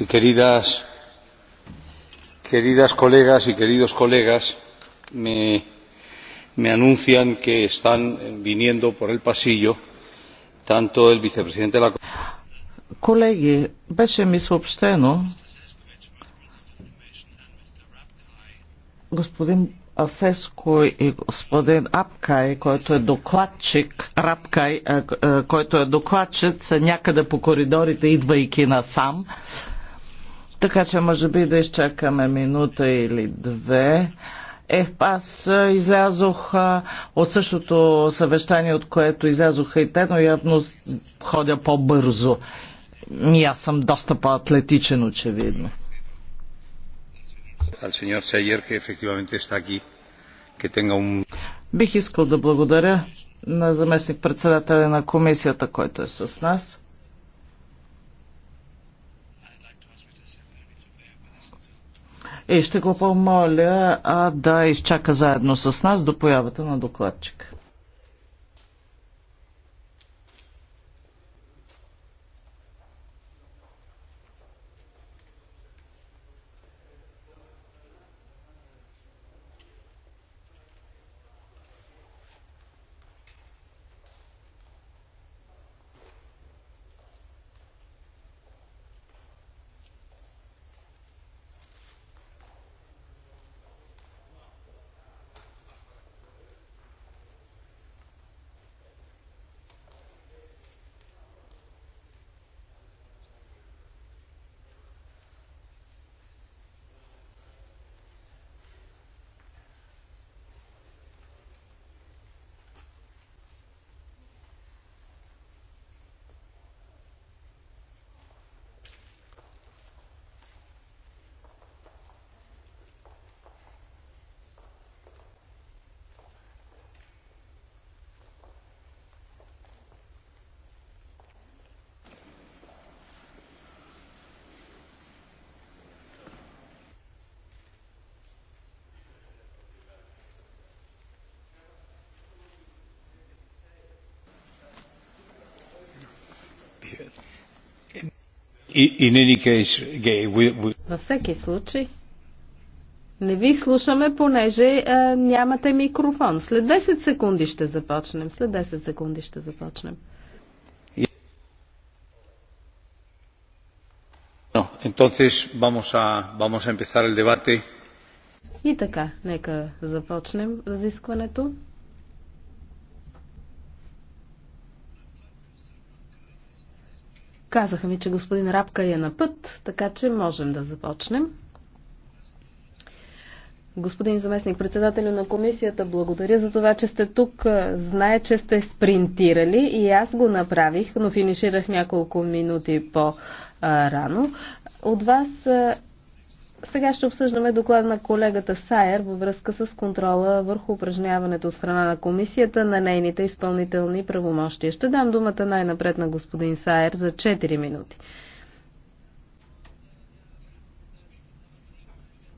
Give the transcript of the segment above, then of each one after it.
y queridas, queridas colegas y queridos colegas, me, me anuncian que están viniendo por el pasillo tanto el vicepresidente de la Колеги, беше ми съобщено, господин Асеско и господин Апкай, който е докладчик, Рапкай, е, е, който е докладчик, са някъде по коридорите, идвайки насам. сам така че може би да изчакаме минута или две. Е, аз излязох от същото съвещание, от което излязоха и те, но явно ходя по-бързо. И аз съм доста по-атлетичен, очевидно. Бих искал да благодаря на заместник председателя на комисията, който е с нас. и ще го помоля а, да изчака заедно с нас до появата на докладчика. Във всеки случай, не ви слушаме, понеже а, нямате микрофон. След 10 секунди ще започнем. След 10 секунди ще започнем. No, entonces vamos a, vamos a empezar el debate. И така, нека започнем разискването. Казаха ми, че господин Рапка е на път, така че можем да започнем. Господин заместник председателю на комисията, благодаря за това, че сте тук. Знае, че сте спринтирали и аз го направих, но финиширах няколко минути по-рано. От вас сега ще обсъждаме доклад на колегата Сайер във връзка с контрола върху упражняването от страна на комисията на нейните изпълнителни правомощия. Ще дам думата най-напред на господин Сайер за 4 минути.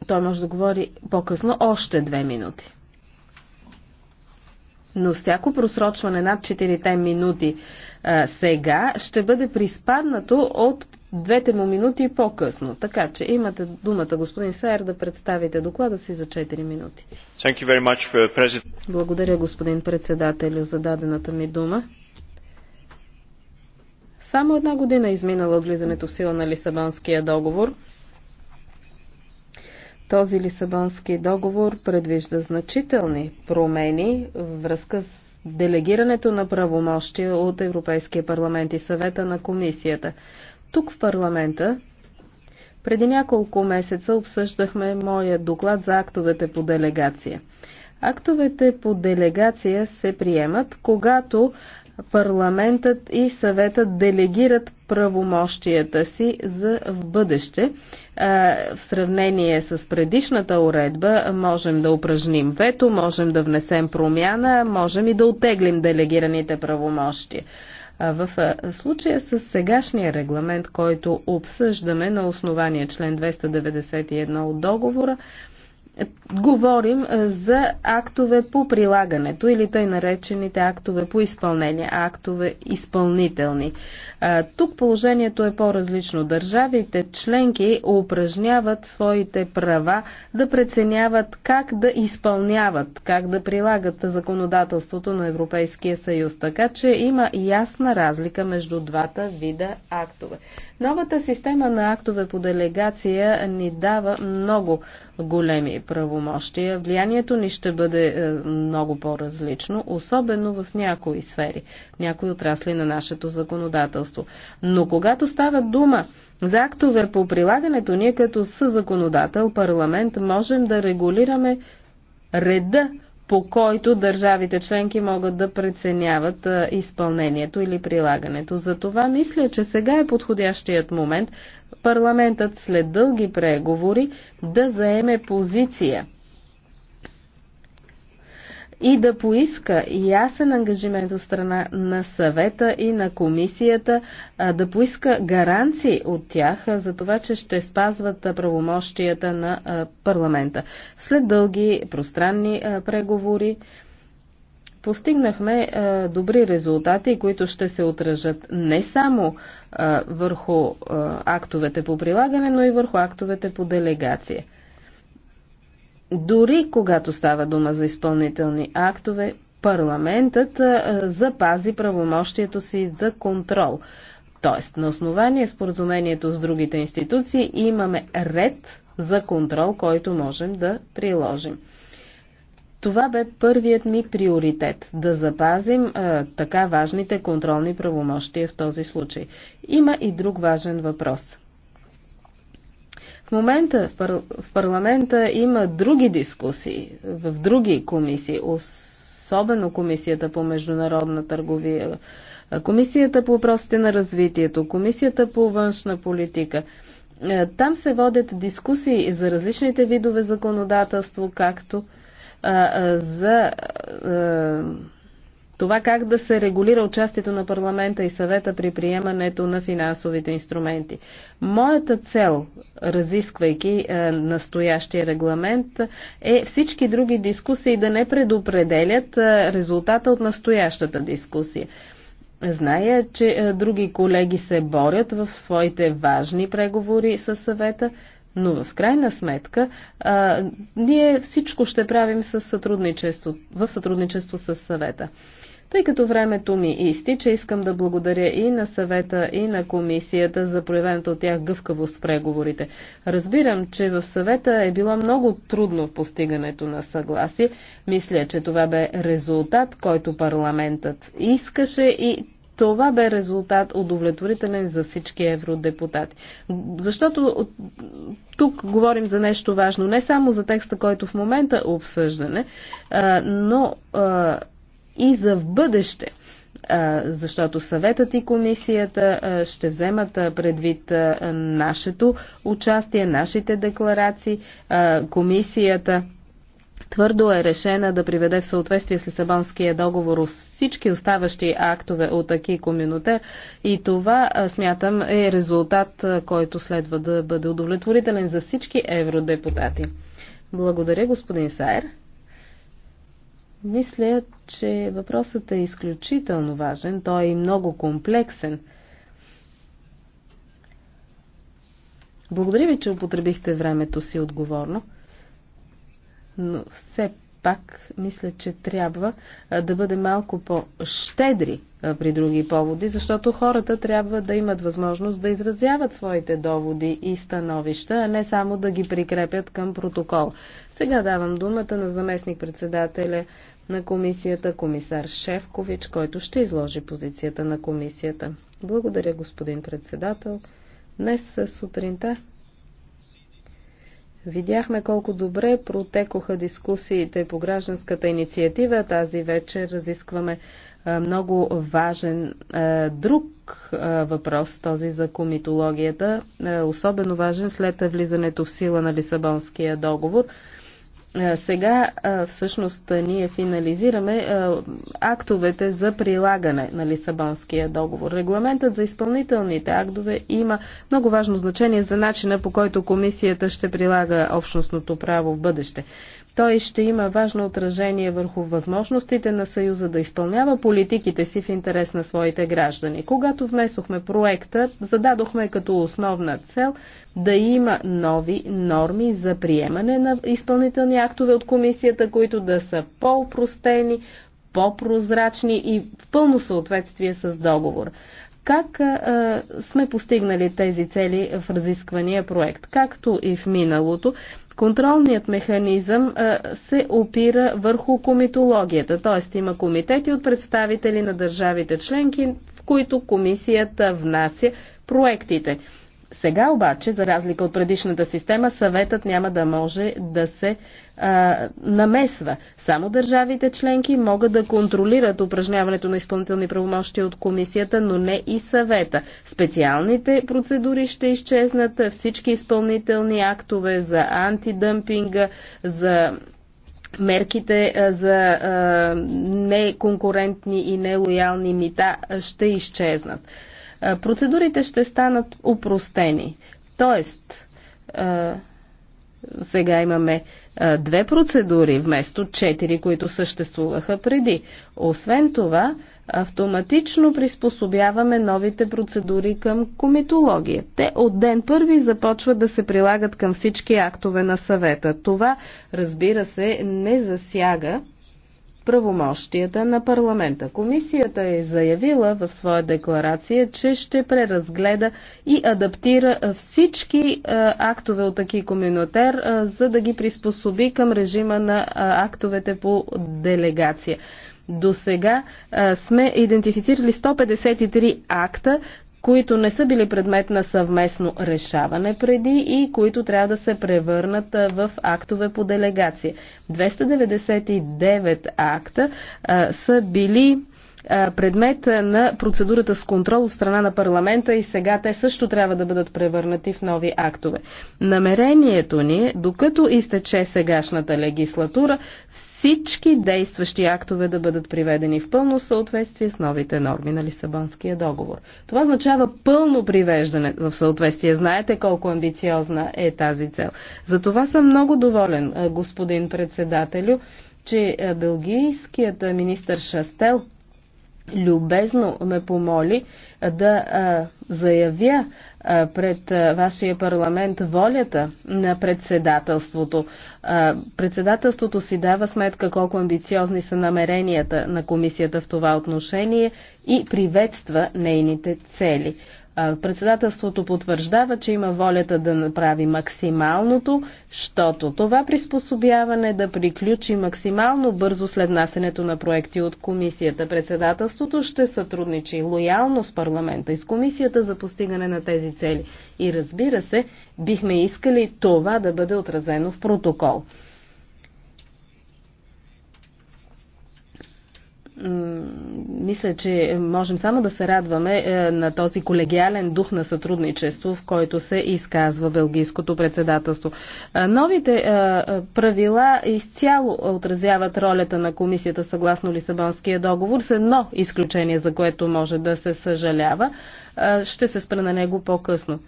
Той може да говори по-късно още 2 минути. Но всяко просрочване над 4 минути а, сега ще бъде приспаднато от двете му минути по-късно. Така че имате думата, господин Сайер, да представите доклада си за 4 минути. Much, uh, Благодаря, господин председател за дадената ми дума. Само една година е изминала от влизането в сила на Лисабонския договор. Този Лисабонски договор предвижда значителни промени в връзка с делегирането на правомощия от Европейския парламент и съвета на комисията. Тук в парламента преди няколко месеца обсъждахме моя доклад за актовете по делегация. Актовете по делегация се приемат, когато парламентът и съветът делегират правомощията си за в бъдеще. В сравнение с предишната уредба можем да упражним вето, можем да внесем промяна, можем и да отеглим делегираните правомощия. В случая с сегашния регламент, който обсъждаме на основание член 291 от договора, говорим е, за актове по прилагането или тъй наречените актове по изпълнение, актове изпълнителни. Е, тук положението е по-различно. Държавите членки упражняват своите права да преценяват как да изпълняват, как да прилагат законодателството на Европейския съюз. Така че има ясна разлика между двата вида актове. Новата система на актове по делегация ни дава много големи правомощия. Влиянието ни ще бъде е, много по-различно, особено в някои сфери, някои отрасли на нашето законодателство. Но когато става дума за актове по прилагането, ние като съзаконодател, парламент, можем да регулираме реда, по който държавите членки могат да преценяват изпълнението или прилагането. За това мисля, че сега е подходящият момент парламентът след дълги преговори да заеме позиция и да поиска ясен ангажимент от страна на съвета и на комисията, да поиска гаранции от тях за това, че ще спазват правомощията на парламента. След дълги пространни преговори постигнахме добри резултати, които ще се отражат не само върху актовете по прилагане, но и върху актовете по делегация. Дори когато става дума за изпълнителни актове, парламентът запази правомощието си за контрол. Тоест, на основание споразумението с другите институции имаме ред за контрол, който можем да приложим. Това бе първият ми приоритет да запазим е, така важните контролни правомощия в този случай. Има и друг важен въпрос. В момента в, пар... в парламента има други дискусии в други комисии, особено комисията по международна търговия, комисията по въпросите на развитието, комисията по външна политика. Е, там се водят дискусии за различните видове законодателство, както а, а, за а, това как да се регулира участието на парламента и съвета при приемането на финансовите инструменти. Моята цел, разисквайки е, настоящия регламент, е всички други дискусии да не предопределят е, резултата от настоящата дискусия. Зная, че е, други колеги се борят в своите важни преговори с съвета. Но в крайна сметка, а, ние всичко ще правим с сътрудничество, в сътрудничество с съвета. Тъй като времето ми изтича, искам да благодаря и на съвета, и на комисията за проявената от тях гъвкавост в преговорите. Разбирам, че в съвета е било много трудно постигането на съгласие. Мисля, че това бе резултат, който парламентът искаше и това бе резултат удовлетворителен за всички евродепутати. Защото тук говорим за нещо важно, не само за текста, който в момента обсъждане, но и за в бъдеще защото съветът и комисията ще вземат предвид нашето участие, нашите декларации, комисията твърдо е решена да приведе в съответствие с Лисабонския договор всички оставащи актове от Аки Коминотер и това, смятам, е резултат, който следва да бъде удовлетворителен за всички евродепутати. Благодаря, господин Сайер. Мисля, че въпросът е изключително важен, той е и много комплексен. Благодаря ви, че употребихте времето си отговорно но все пак мисля, че трябва да бъде малко по-щедри при други поводи, защото хората трябва да имат възможност да изразяват своите доводи и становища, а не само да ги прикрепят към протокол. Сега давам думата на заместник-председателя на комисията, комисар Шевкович, който ще изложи позицията на комисията. Благодаря, господин председател. Днес сутринта Видяхме колко добре протекоха дискусиите по гражданската инициатива. Тази вечер разискваме много важен друг въпрос, този за комитологията, особено важен след влизането в сила на Лисабонския договор – сега всъщност ние финализираме актовете за прилагане на Лисабонския договор. Регламентът за изпълнителните актове има много важно значение за начина по който комисията ще прилага общностното право в бъдеще. Той ще има важно отражение върху възможностите на Съюза да изпълнява политиките си в интерес на своите граждани. Когато внесохме проекта, зададохме като основна цел да има нови норми за приемане на изпълнителни актове от комисията, които да са по-упростени, по-прозрачни и в пълно съответствие с договор. Как а, сме постигнали тези цели в разисквания проект? Както и в миналото, Контролният механизъм се опира върху комитологията, т.е. има комитети от представители на държавите членки, в които комисията внася проектите. Сега обаче, за разлика от предишната система, съветът няма да може да се а, намесва. Само държавите членки могат да контролират упражняването на изпълнителни правомощия от комисията, но не и съвета. Специалните процедури ще изчезнат, всички изпълнителни актове за антидъмпинга, за мерките за неконкурентни и нелоялни мита ще изчезнат процедурите ще станат упростени. Тоест, сега имаме две процедури вместо четири, които съществуваха преди. Освен това, автоматично приспособяваме новите процедури към комитология. Те от ден първи започват да се прилагат към всички актове на съвета. Това, разбира се, не засяга правомощията на парламента. Комисията е заявила в своя декларация, че ще преразгледа и адаптира всички е, актове от Аки Коминотер, е, за да ги приспособи към режима на е, актовете по делегация. До сега сме идентифицирали 153 акта, които не са били предмет на съвместно решаване преди и които трябва да се превърнат в актове по делегация. 299 акта а, са били предмет на процедурата с контрол от страна на парламента и сега те също трябва да бъдат превърнати в нови актове. Намерението ни е, докато изтече сегашната легислатура, всички действащи актове да бъдат приведени в пълно съответствие с новите норми на Лисабонския договор. Това означава пълно привеждане в съответствие. Знаете колко амбициозна е тази цел. За това съм много доволен, господин председателю, че белгийският министр Шастел любезно ме помоли да а, заявя а, пред а, вашия парламент волята на председателството. А, председателството си дава сметка колко амбициозни са намеренията на комисията в това отношение и приветства нейните цели. Председателството потвърждава, че има волята да направи максималното, защото това приспособяване да приключи максимално бързо след насенето на проекти от комисията. Председателството ще сътрудничи лоялно с парламента и с комисията за постигане на тези цели. И разбира се, бихме искали това да бъде отразено в протокол. мисля, че можем само да се радваме е, на този колегиален дух на сътрудничество, в който се изказва Белгийското председателство. Е, новите е, правила изцяло отразяват ролята на комисията съгласно Лисабонския договор с едно изключение, за което може да се съжалява. Ще се спра на него по-късно.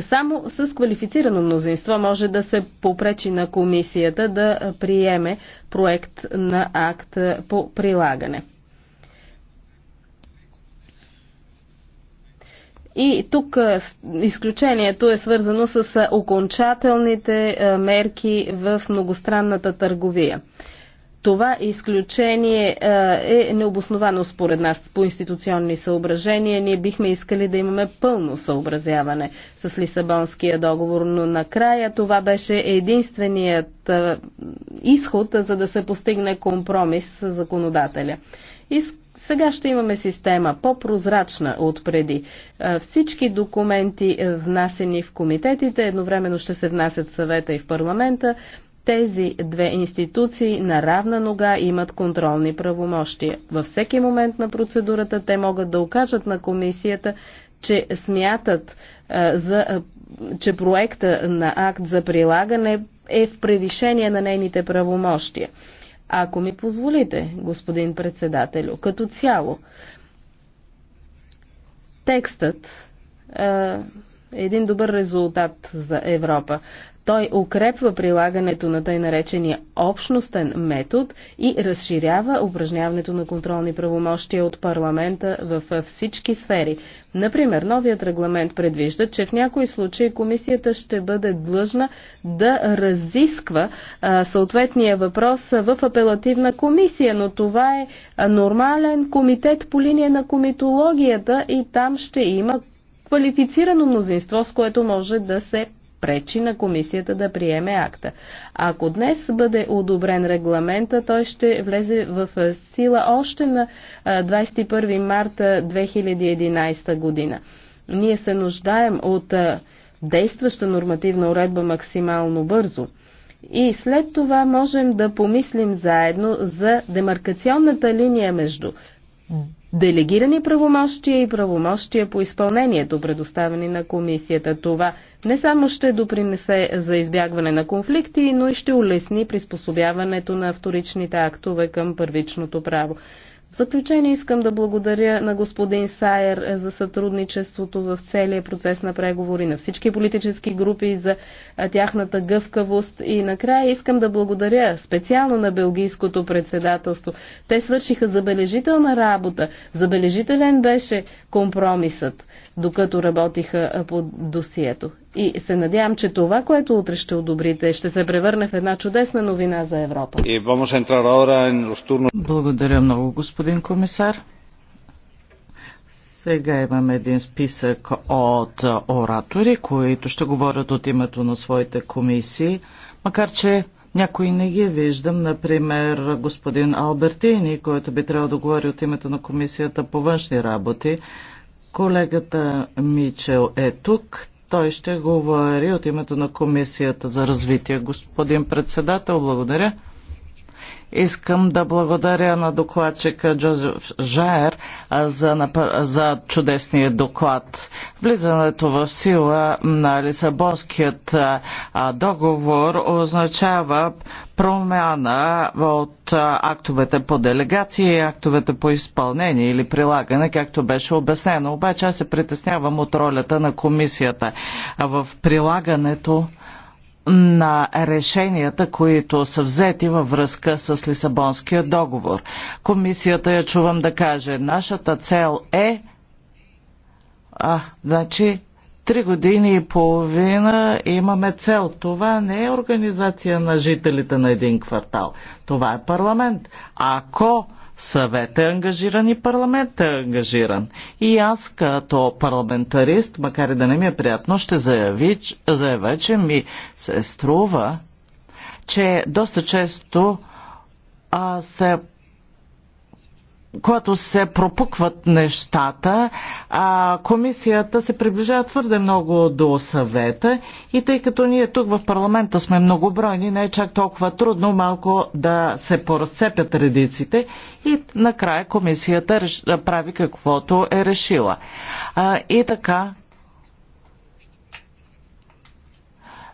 Само с квалифицирано мнозинство може да се попречи на комисията да приеме проект на акт по прилагане. И тук изключението е свързано с окончателните мерки в многостранната търговия. Това изключение е необосновано според нас по институционни съображения. Ние бихме искали да имаме пълно съобразяване с Лисабонския договор, но накрая това беше единственият изход, за да се постигне компромис с законодателя. сега ще имаме система по-прозрачна от преди. Всички документи е, внасени в комитетите едновременно ще се внасят в съвета и в парламента. Тези две институции на равна нога имат контролни правомощия. Във всеки момент на процедурата те могат да окажат на комисията, че смятат а, за че проекта на акт за прилагане е в превишение на нейните правомощия. Ако ми позволите, господин председателю, като цяло, текстът е един добър резултат за Европа. Той укрепва прилагането на тъй наречения общностен метод и разширява упражняването на контролни правомощия от парламента във всички сфери. Например, новият регламент предвижда, че в някои случаи комисията ще бъде длъжна да разисква а, съответния въпрос в апелативна комисия, но това е нормален комитет по линия на комитологията и там ще има квалифицирано мнозинство, с което може да се пречи на комисията да приеме акта. Ако днес бъде одобрен регламента, той ще влезе в сила още на 21 марта 2011 година. Ние се нуждаем от действаща нормативна уредба максимално бързо. И след това можем да помислим заедно за демаркационната линия между делегирани правомощия и правомощия по изпълнението, предоставени на комисията. Това не само ще допринесе за избягване на конфликти, но и ще улесни приспособяването на вторичните актове към първичното право. В заключение искам да благодаря на господин Сайер е, за сътрудничеството в целия процес на преговори, на всички политически групи за тяхната гъвкавост и накрая искам да благодаря специално на Белгийското председателство. Те свършиха забележителна работа. Забележителен беше компромисът докато работиха по досието. И се надявам, че това, което утре ще одобрите, ще се превърне в една чудесна новина за Европа. Благодаря много, господин комисар. Сега имам един списък от оратори, които ще говорят от името на своите комисии, макар че някои не ги виждам, например господин Албертини, който би трябвало да говори от името на Комисията по външни работи, Колегата Мичел е тук. Той ще говори от името на Комисията за развитие. Господин председател, благодаря. Искам да благодаря на докладчика Джозеф Жаер за, за чудесния доклад. Влизането в сила на Лисабонският договор означава промяна от актовете по делегация и актовете по изпълнение или прилагане, както беше обяснено. Обаче аз се притеснявам от ролята на комисията в прилагането на решенията, които са взети във връзка с Лисабонския договор. Комисията я чувам да каже, нашата цел е а, значи три години и половина имаме цел. Това не е организация на жителите на един квартал. Това е парламент. Ако съвет е ангажиран и парламент е ангажиран. И аз като парламентарист, макар и да не ми е приятно, ще заяви, заявя, че ми се струва, че доста често а, се когато се пропукват нещата, а, комисията се приближава твърде много до съвета и тъй като ние тук в парламента сме многобройни, не е чак толкова трудно малко да се поразцепят редиците и накрая комисията реш... прави каквото е решила. А, и така,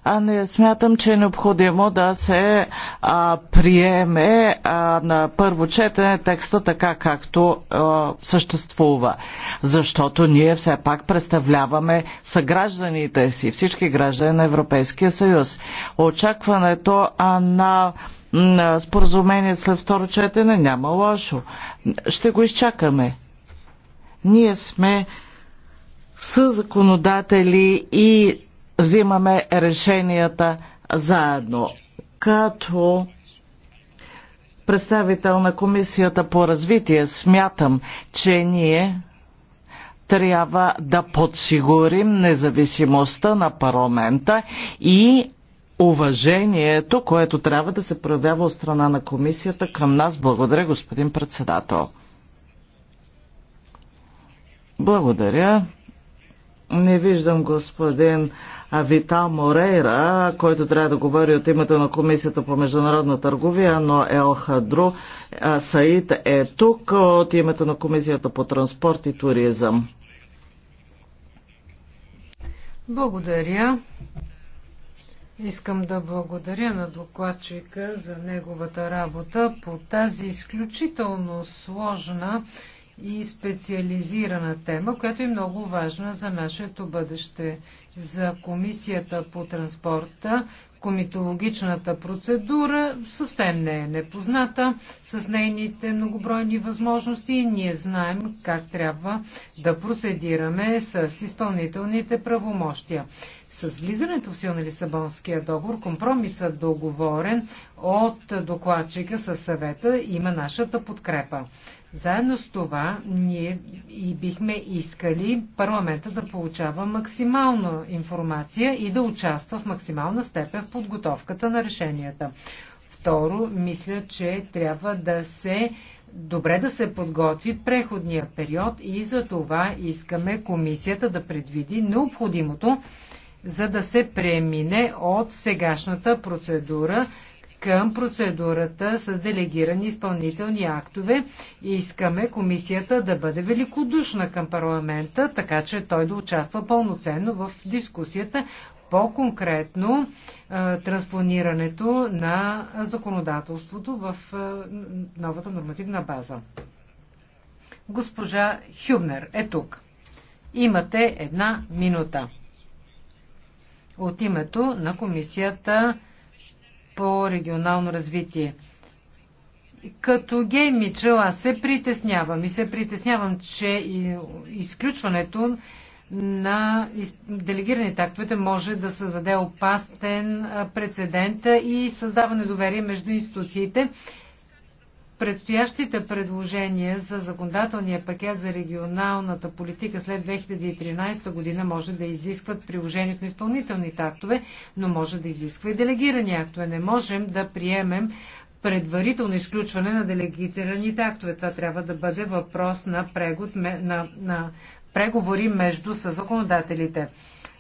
а не смятам, че е необходимо да се а, приеме а, на първо четене текста така, както а, съществува. Защото ние все пак представляваме съгражданите си, всички граждани на Европейския съюз. Очакването а, на на споразумение след второ четене няма лошо. Ще го изчакаме. Ние сме съзаконодатели и взимаме решенията заедно. Като представител на Комисията по развитие смятам, че ние трябва да подсигурим независимостта на парламента и уважението, което трябва да се проявява от страна на комисията към нас. Благодаря, господин председател. Благодаря. Не виждам господин Витал Морейра, който трябва да говори от името на Комисията по международна търговия, но Ел Хадру Саид е тук от името на Комисията по транспорт и туризъм. Благодаря. Искам да благодаря на докладчика за неговата работа по тази изключително сложна и специализирана тема, която е много важна за нашето бъдеще. За Комисията по транспорта комитологичната процедура съвсем не е непозната с нейните многобройни възможности и ние знаем как трябва да процедираме с изпълнителните правомощия. С влизането в сил на Лисабонския договор, компромисът договорен от докладчика със съвета има нашата подкрепа. Заедно с това ние и бихме искали парламента да получава максимална информация и да участва в максимална степен в подготовката на решенията. Второ, мисля, че трябва да се добре да се подготви преходния период и за това искаме комисията да предвиди необходимото, за да се премине от сегашната процедура към процедурата с делегирани изпълнителни актове. Искаме комисията да бъде великодушна към парламента, така че той да участва пълноценно в дискусията по-конкретно транспонирането на законодателството в новата нормативна база. Госпожа Хюбнер е тук. Имате една минута. От името на комисията по регионално развитие. Като Гей Мичел аз се притеснявам и се притеснявам, че изключването на делегираните актовете може да създаде опасен прецедент и създава недоверие между институциите Предстоящите предложения за законодателния пакет за регионалната политика след 2013 година може да изискват приложението на изпълнителните актове, но може да изисква и делегирани актове. Не можем да приемем предварително изключване на делегираните актове. Това трябва да бъде въпрос на, прегод, на, на преговори между съзаконодателите.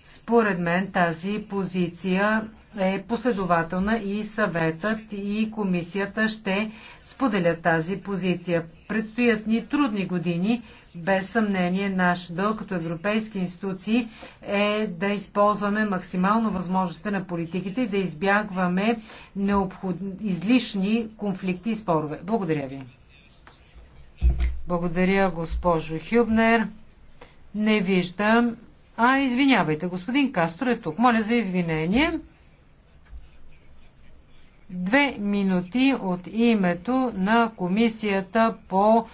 Според мен тази позиция е последователна и съветът и комисията ще споделят тази позиция. Предстоят ни трудни години. Без съмнение наш дълг като европейски институции е да използваме максимално възможностите на политиките и да избягваме необход... излишни конфликти и спорове. Благодаря ви. Благодаря, госпожо Хюбнер. Не виждам. А, извинявайте, господин Кастро е тук. Моля за извинение две минути от името на Комисията по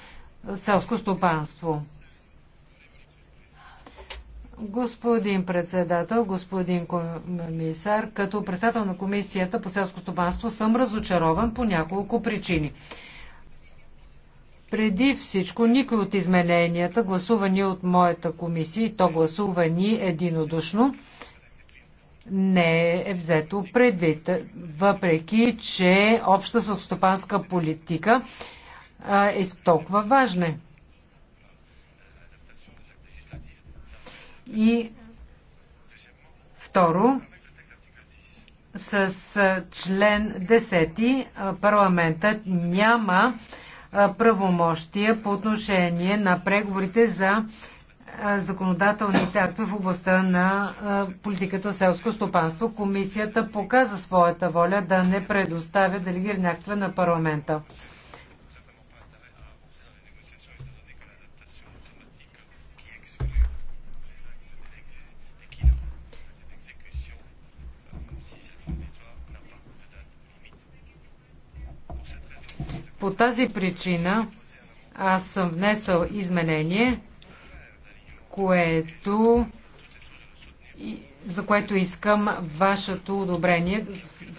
селско стопанство. Господин председател, господин комисар, като председател на Комисията по селско стопанство съм разочарован по няколко причини. Преди всичко, никой от измененията, гласувани от моята комисия, и то гласувани единодушно, не е взето предвид. Въпреки, че обща селскостопанска политика е толкова важна. И второ, с член 10 парламентът няма правомощия по отношение на преговорите за законодателните актове в областта на политиката селско стопанство. Комисията показа своята воля да не предоставя делегирани актове на парламента. По тази причина аз съм внесъл изменение което, за което искам вашето одобрение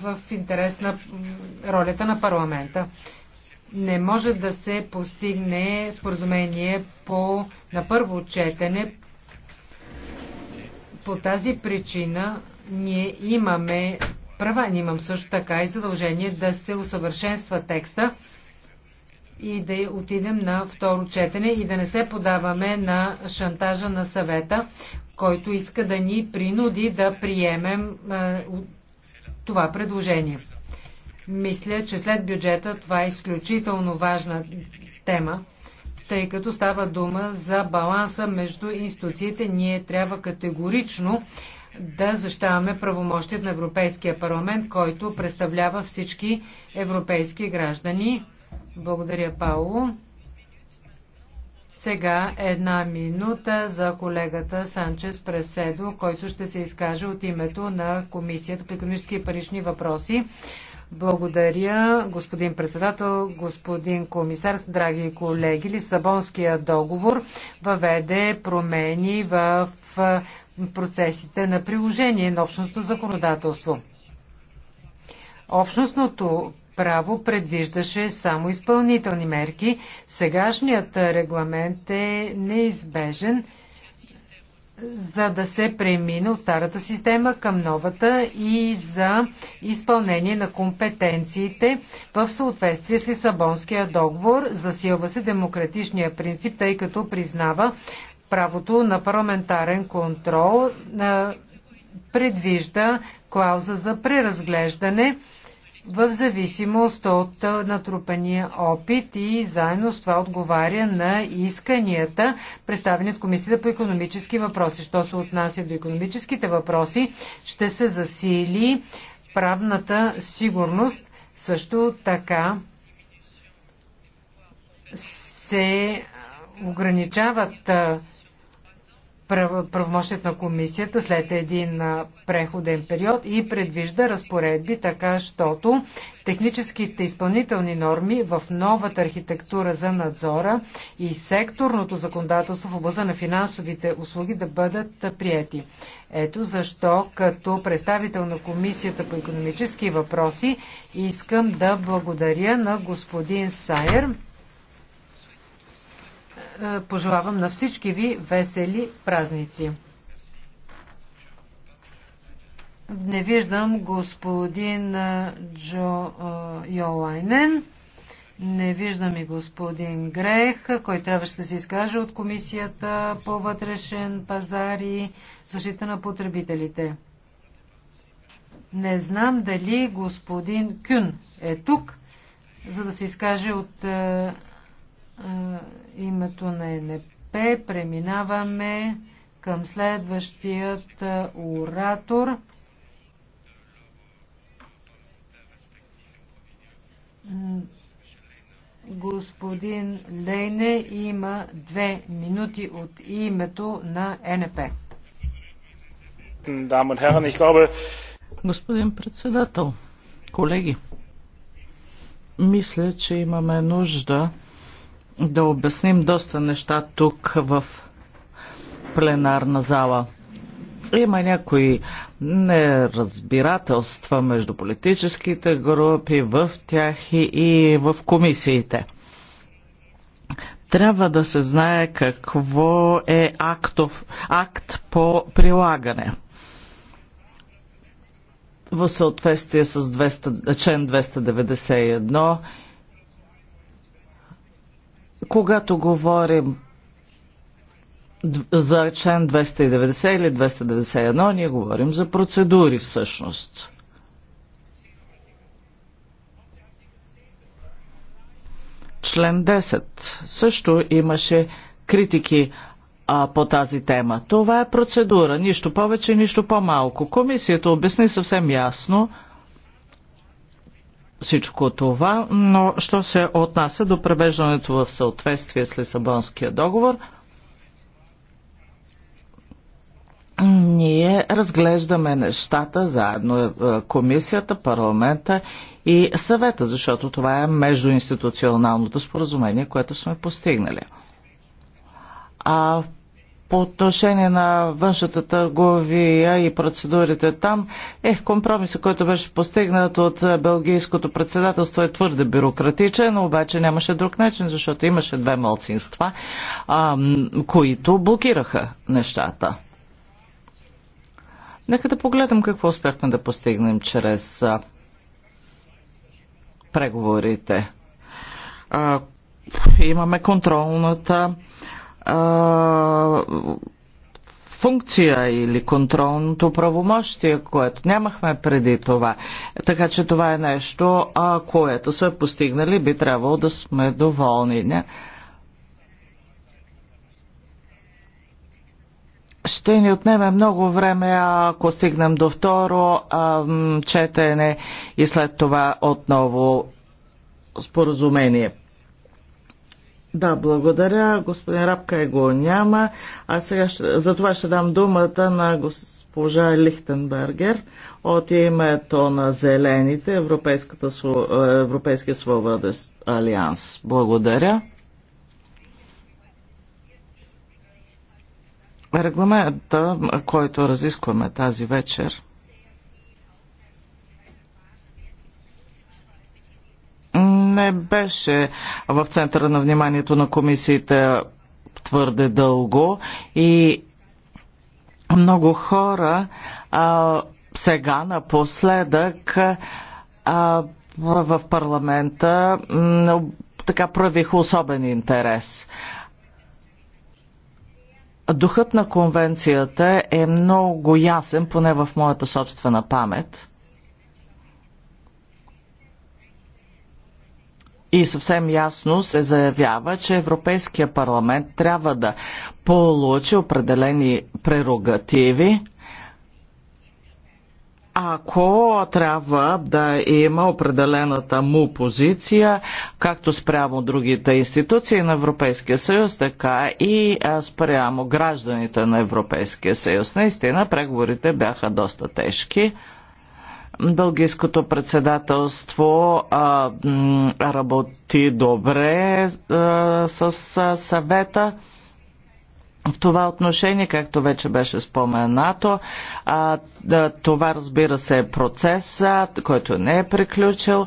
в интерес на ролята на парламента. Не може да се постигне споразумение по, на първо четене. По тази причина ние имаме права, имам също така и задължение да се усъвършенства текста и да отидем на второ четене и да не се подаваме на шантажа на съвета, който иска да ни принуди да приемем е, това предложение. Мисля, че след бюджета това е изключително важна тема, тъй като става дума за баланса между институциите. Ние трябва категорично да защитаваме правомощият на Европейския парламент, който представлява всички европейски граждани благодаря, Пауло. Сега една минута за колегата Санчес Преседо, който ще се изкаже от името на Комисията по економически и парични въпроси. Благодаря, господин председател, господин комисар, драги колеги. Лисабонския договор въведе промени в процесите на приложение на общностното законодателство. Общностното право предвиждаше само изпълнителни мерки. Сегашният регламент е неизбежен за да се премине от старата система към новата и за изпълнение на компетенциите в съответствие с Лисабонския договор. Засилва се демократичния принцип, тъй като признава правото на парламентарен контрол, предвижда клауза за преразглеждане в зависимост от натрупания опит и заедно с това отговаря на исканията, представени от Комисията по економически въпроси. Що се отнася до економическите въпроси, ще се засили правната сигурност, също така се ограничават правомощията на комисията след един преходен период и предвижда разпоредби, така щото техническите изпълнителни норми в новата архитектура за надзора и секторното законодателство в областта на финансовите услуги да бъдат прияти. Ето защо като представител на Комисията по економически въпроси искам да благодаря на господин Сайер е, пожелавам на всички ви весели празници. Не виждам господин е, Джо е, Йолайнен. Не виждам и господин Грех, който трябваше да се изкаже от Комисията по вътрешен пазар и защита на потребителите. Не знам дали господин Кюн е тук, за да се изкаже от името на НП Преминаваме към следващият оратор. Господин Лейне има две минути от името на НП. Господин председател, колеги, мисля, че имаме нужда да обясним доста неща тук в пленарна зала. Има някои неразбирателства между политическите групи, в тях и, и в комисиите. Трябва да се знае какво е актов, акт по прилагане в съответствие с 200, член 291 когато говорим за член 290 или 291, ние говорим за процедури всъщност. Член 10 също имаше критики а, по тази тема. Това е процедура, нищо повече, нищо по-малко. Комисията обясни съвсем ясно, всичко това, но що се отнася до превеждането в съответствие с Лисабонския договор, ние разглеждаме нещата заедно е, е, комисията, парламента и съвета, защото това е междуинституционалното споразумение, което сме постигнали. А по отношение на външната търговия и процедурите там, ех, компромисът, който беше постигнат от Белгийското председателство е твърде бюрократичен, обаче нямаше друг начин, защото имаше две малцинства, а, които блокираха нещата. Нека да погледам какво успяхме да постигнем чрез а, преговорите. А, имаме контролната функция или контролното правомощие, което нямахме преди това. Така че това е нещо, а, което сме постигнали, би трябвало да сме доволни. Не? ще ни отнеме много време, ако стигнем до второ а, четене и след това отново споразумение. Да, благодаря. Господин Рапка е го няма. А сега ще, за това ще дам думата на госпожа Лихтенбергер от името на Зелените, Европейската, е, Европейския свободен алианс. Благодаря. Регламента, който разискваме тази вечер, не беше в центъра на вниманието на комисията твърде дълго и много хора а, сега напоследък а, в парламента така правиха особен интерес. Духът на конвенцията е много ясен, поне в моята собствена памет. и съвсем ясно се заявява, че Европейския парламент трябва да получи определени прерогативи, ако трябва да има определената му позиция, както спрямо другите институции на Европейския съюз, така и спрямо гражданите на Европейския съюз. Наистина, преговорите бяха доста тежки. Бългийското председателство а, работи добре а, с а, съвета. В това отношение, както вече беше споменато, а, да, това разбира се е процес, а, който не е приключил,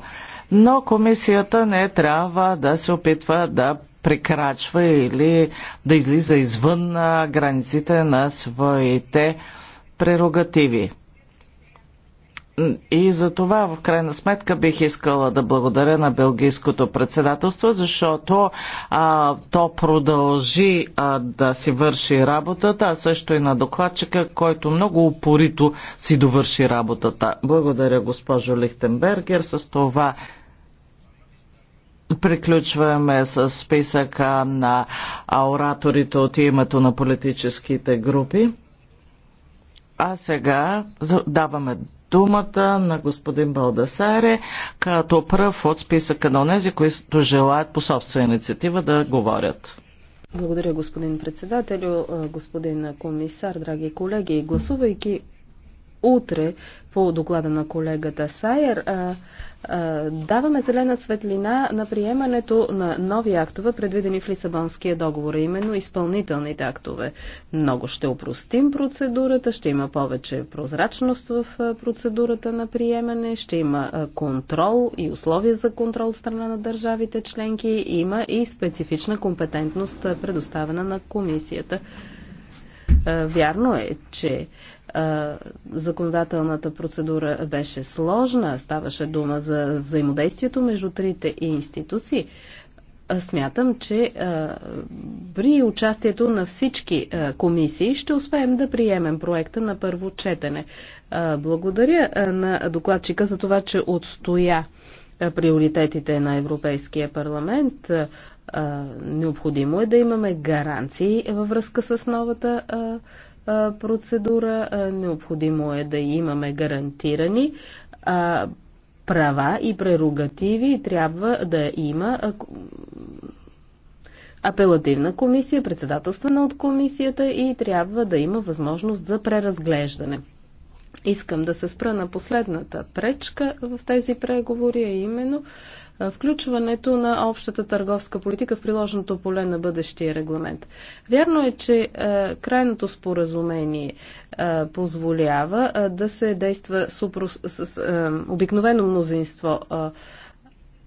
но комисията не трябва да се опитва да прекрачва или да излиза извън а, границите на своите прерогативи. И за това в крайна сметка бих искала да благодаря на Белгийското председателство, защото а, то продължи а, да си върши работата, а също и на докладчика, който много упорито си довърши работата. Благодаря госпожо Лихтенбергер. С това Приключваме с списъка на ораторите от името на политическите групи. А сега даваме думата на господин Балдасаре като пръв от списъка на онези, които желаят по собствена инициатива да говорят. Благодаря, господин председател, господин комисар, драги колеги. Гласувайки утре по доклада на колегата Сайер. А, а, даваме зелена светлина на приемането на нови актове, предвидени в Лисабонския договор, именно изпълнителните актове. Много ще упростим процедурата, ще има повече прозрачност в процедурата на приемане, ще има контрол и условия за контрол от страна на държавите членки, има и специфична компетентност, предоставена на комисията. Вярно е, че законодателната процедура беше сложна, ставаше дума за взаимодействието между трите институции. Смятам, че при участието на всички комисии ще успеем да приемем проекта на първо четене. Благодаря на докладчика за това, че отстоя приоритетите на Европейския парламент. Необходимо е да имаме гаранции във връзка с новата процедура. Необходимо е да имаме гарантирани права и прерогативи. Трябва да има апелативна комисия, председателствена от комисията и трябва да има възможност за преразглеждане. Искам да се спра на последната пречка в тези преговори, а именно включването на общата търговска политика в приложеното поле на бъдещия регламент. Вярно е, че е, крайното споразумение е, позволява е, да се действа с обикновено мнозинство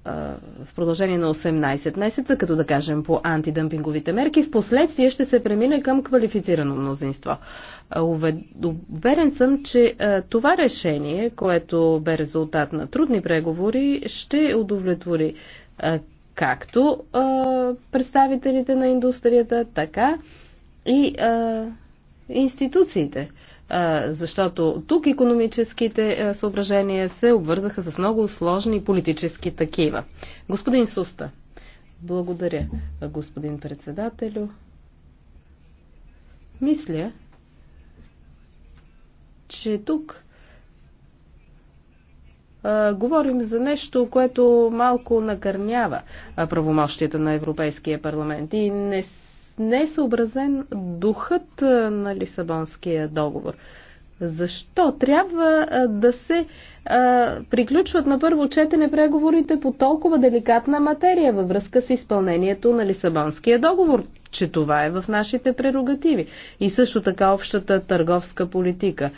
в продължение на 18 месеца, като да кажем по антидъмпинговите мерки, в последствие ще се премине към квалифицирано мнозинство. Уверен съм, че това решение, което бе резултат на трудни преговори, ще удовлетвори както представителите на индустрията, така и институциите защото тук економическите съображения се обвързаха с много сложни политически такива. Господин Суста, благодаря, господин председателю. Мисля, че тук а, говорим за нещо, което малко накърнява правомощията на Европейския парламент и не не е съобразен духът на Лисабонския договор. Защо трябва да се а, приключват на първо четене преговорите по толкова деликатна материя във връзка с изпълнението на Лисабонския договор, че това е в нашите прерогативи. И също така общата търговска политика.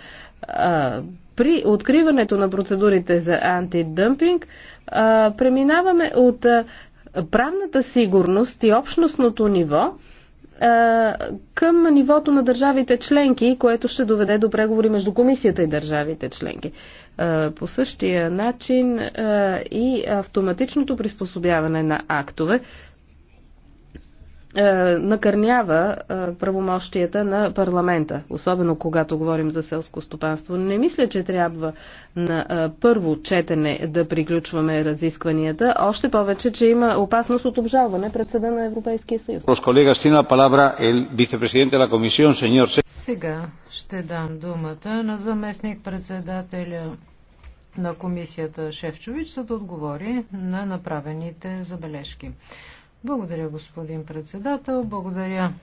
А, при откриването на процедурите за антидъмпинг а, преминаваме от а, правната сигурност и общностното ниво е, към нивото на държавите членки, което ще доведе до преговори между комисията и държавите членки. Е, по същия начин е, и автоматичното приспособяване на актове е, накърнява е, правомощията на парламента, особено когато говорим за селско стопанство. Не мисля, че трябва на е, първо четене да приключваме разискванията, още повече, че има опасност от обжалване пред съда на Европейския съюз. Сега ще дам думата на заместник председателя на комисията Шефчович, за да отговори на направените забележки. Благодаря, господин председател. Благодаря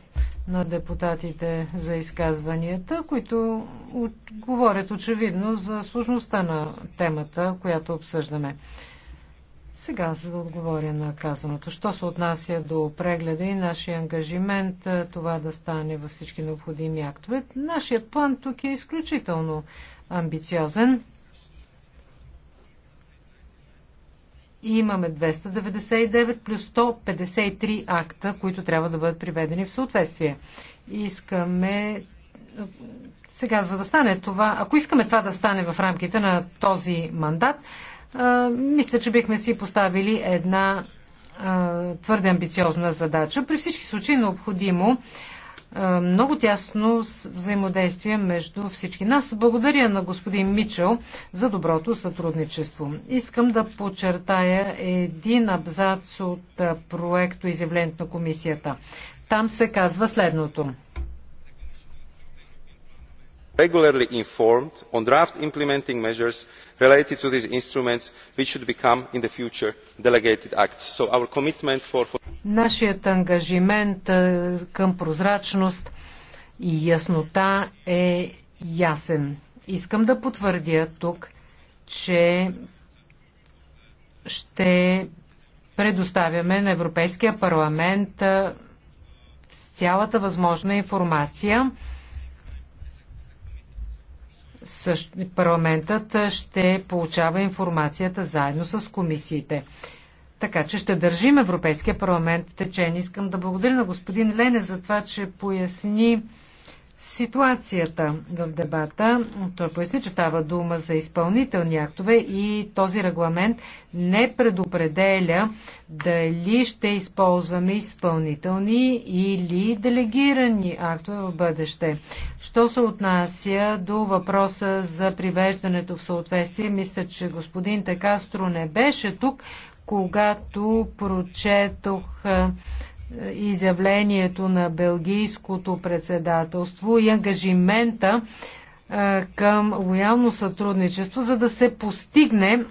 на депутатите за изказванията, които говорят очевидно за сложността на темата, която обсъждаме. Сега, за да отговоря на казаното, що се отнася до прегледа и нашия ангажимент е, това да стане във всички необходими актове, нашият план тук е изключително амбициозен. И имаме 299 плюс 153 акта, които трябва да бъдат приведени в съответствие. Искаме е, сега, за да стане това, ако искаме това да стане в рамките на този мандат, е, мисля, че бихме си поставили една е, твърде амбициозна задача. При всички случаи необходимо много тясно взаимодействие между всички нас. Благодаря на господин Мичел за доброто сътрудничество. Искам да подчертая един абзац от проекто изявлението на комисията. Там се казва следното. regularly informed on draft implementing measures related to these instruments which should become in the future delegated acts. so our commitment for Нашият ангажимент към прозрачност и яснота е ясен. Искам да потвърдя тук, че ще предоставяме на Европейския парламент с цялата възможна информация. Парламентът ще получава информацията заедно с комисиите. Така че ще държим Европейския парламент в течение. Искам да благодаря на господин Лене за това, че поясни ситуацията в дебата. Той поясни, че става дума за изпълнителни актове и този регламент не предопределя дали ще използваме изпълнителни или делегирани актове в бъдеще. Що се отнася до въпроса за привеждането в съответствие, мисля, че господин Текастро не беше тук, когато прочетох изявлението на Белгийското председателство и ангажимента към лоялно сътрудничество, за да се постигне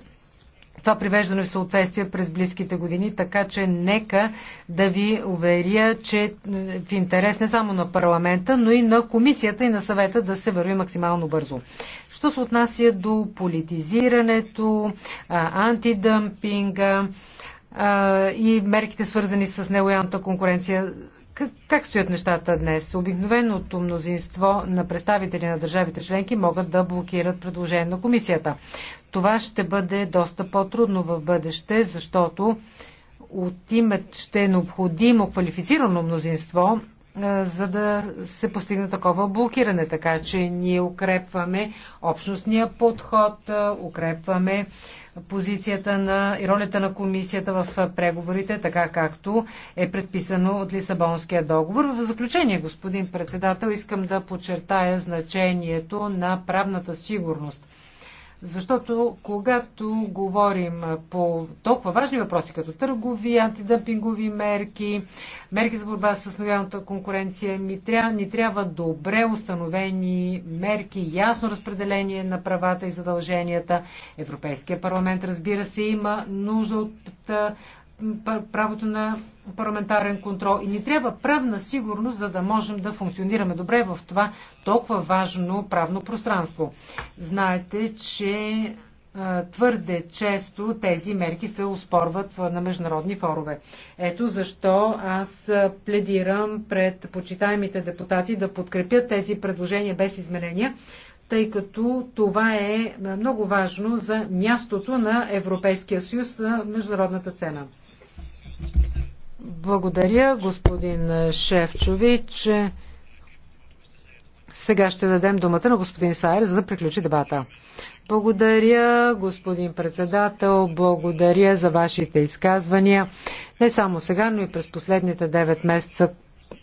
това привеждане в съответствие през близките години, така че нека да ви уверя, че в интерес не само на парламента, но и на комисията и на съвета да се върви максимално бързо. Що се отнася до политизирането, антидъмпинга и мерките свързани с нелоялната конкуренция, как, как стоят нещата днес? Обикновеното мнозинство на представители на държавите членки могат да блокират предложение на комисията. Това ще бъде доста по-трудно в бъдеще, защото от името ще е необходимо квалифицирано мнозинство, за да се постигне такова блокиране. Така че ние укрепваме общностния подход, укрепваме позицията на и ролята на комисията в преговорите, така както е предписано от Лисабонския договор. В заключение, господин председател, искам да подчертая значението на правната сигурност защото когато говорим по толкова важни въпроси, като търгови, антидъмпингови мерки, мерки за борба с нелоялната конкуренция, ми трябва, ни трябва добре установени мерки, ясно разпределение на правата и задълженията. Европейския парламент, разбира се, има нужда от правото на парламентарен контрол и ни трябва правна сигурност, за да можем да функционираме добре в това толкова важно правно пространство. Знаете, че твърде често тези мерки се успорват на международни форове. Ето защо аз пледирам пред почитаемите депутати да подкрепят тези предложения без изменения, тъй като това е много важно за мястото на Европейския съюз на международната цена. Благодаря, господин Шефчович. Сега ще дадем думата на господин Сайер, за да приключи дебата. Благодаря, господин председател, благодаря за вашите изказвания. Не само сега, но и през последните 9 месеца,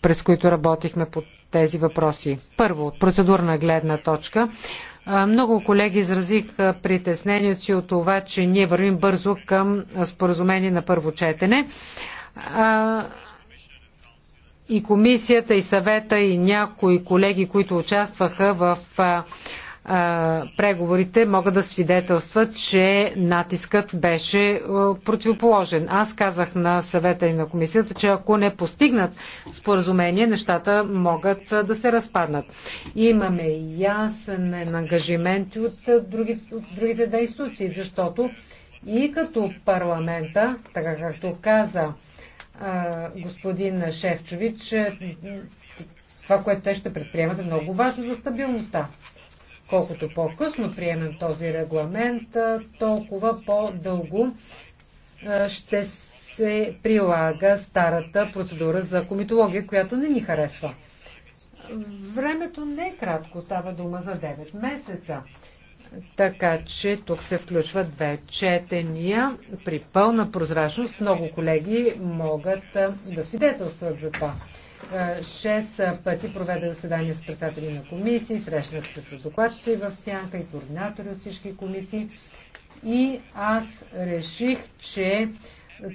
през които работихме по тези въпроси. Първо, от процедурна гледна точка. Много колеги изразиха притеснението си от това, че ние вървим бързо към споразумение на първо четене и комисията, и съвета, и някои колеги, които участваха в преговорите, могат да свидетелстват, че натискът беше противоположен. Аз казах на съвета и на комисията, че ако не постигнат споразумение, нещата могат да се разпаднат. Имаме ясен ангажимент от, от другите две институции, защото и като парламента, така както каза господин Шевчович, това, което те ще предприемат е много важно за стабилността. Колкото по-късно приемем този регламент, толкова по-дълго ще се прилага старата процедура за комитология, която не ни харесва. Времето не е кратко, става дума за 9 месеца. Така че тук се включват две четения при пълна прозрачност. Много колеги могат да свидетелстват за това. Шест пъти проведе заседание с председатели на комисии, срещнах се с докладчици в сянка и координатори от всички комисии. И аз реших, че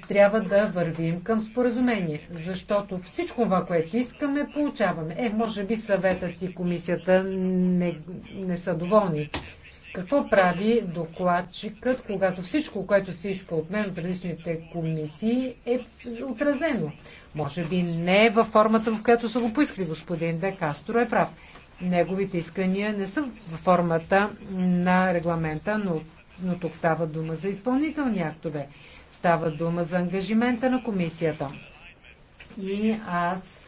трябва да вървим към споразумение, защото всичко това, което искаме, получаваме. Е, може би съветът и комисията не, не са доволни. Какво прави докладчикът, когато всичко, което се иска от мен от различните комисии, е отразено? Може би не е във формата, в която са го поискали. Господин Де Кастро е прав. Неговите искания не са във формата на регламента, но, но тук става дума за изпълнителни актове. Става дума за ангажимента на комисията. И аз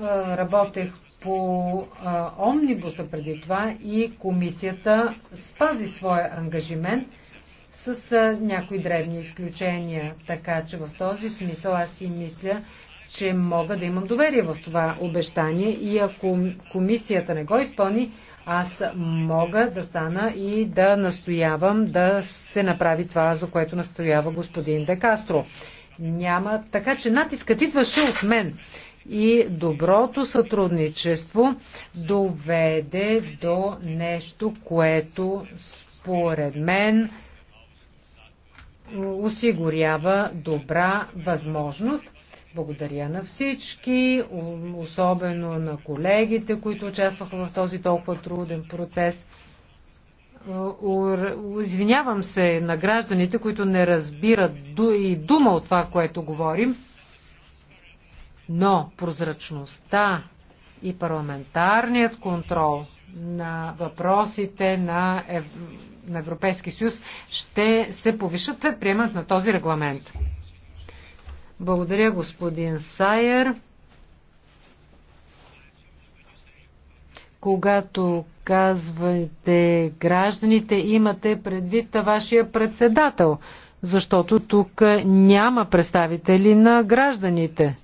работех по а, омнибуса преди това и комисията спази своя ангажимент с а, някои древни изключения. Така че в този смисъл аз си мисля, че мога да имам доверие в това обещание и ако комисията не го изпълни, аз мога да стана и да настоявам да се направи това, за което настоява господин Декастро. Няма. Така че натискът идваше от мен и доброто сътрудничество доведе до нещо, което според мен осигурява добра възможност. Благодаря на всички, особено на колегите, които участваха в този толкова труден процес. Извинявам се на гражданите, които не разбират и дума от това, което говорим. Но прозрачността и парламентарният контрол на въпросите на, Ев... на Европейски съюз ще се повишат след приемат на този регламент. Благодаря, господин Сайер. Когато казвате гражданите, имате предвид вашия председател, защото тук няма представители на гражданите.